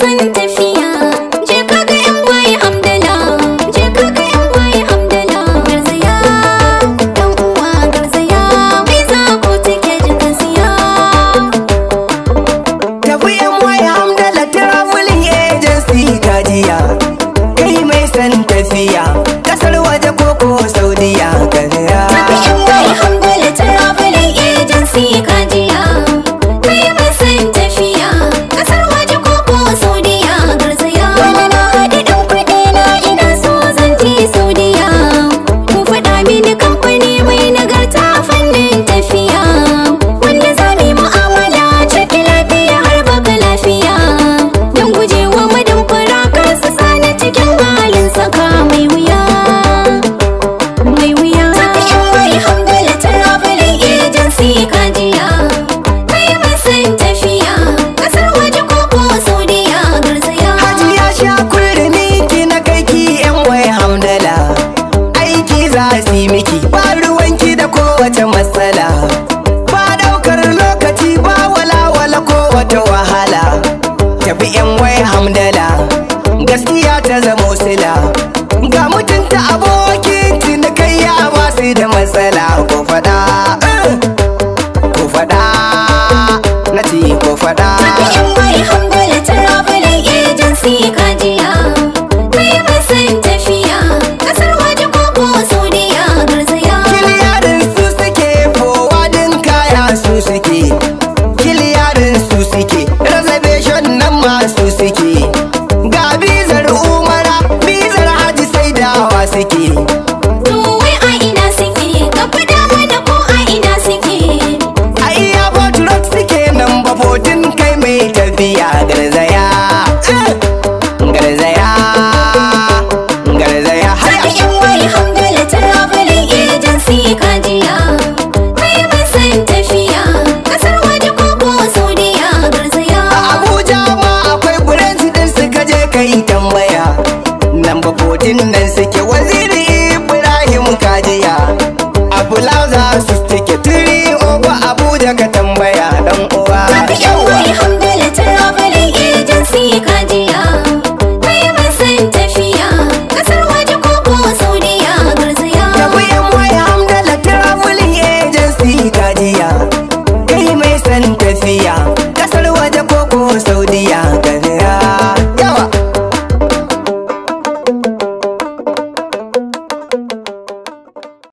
sing matsala ba daukar lokaci ba walawala ko wata wahala tafi yan wai hamdala gaskiya ta zamo sila ga mutunta abokin cinikayya ba su da matsala ko fada eh, ko fada na ci ko fada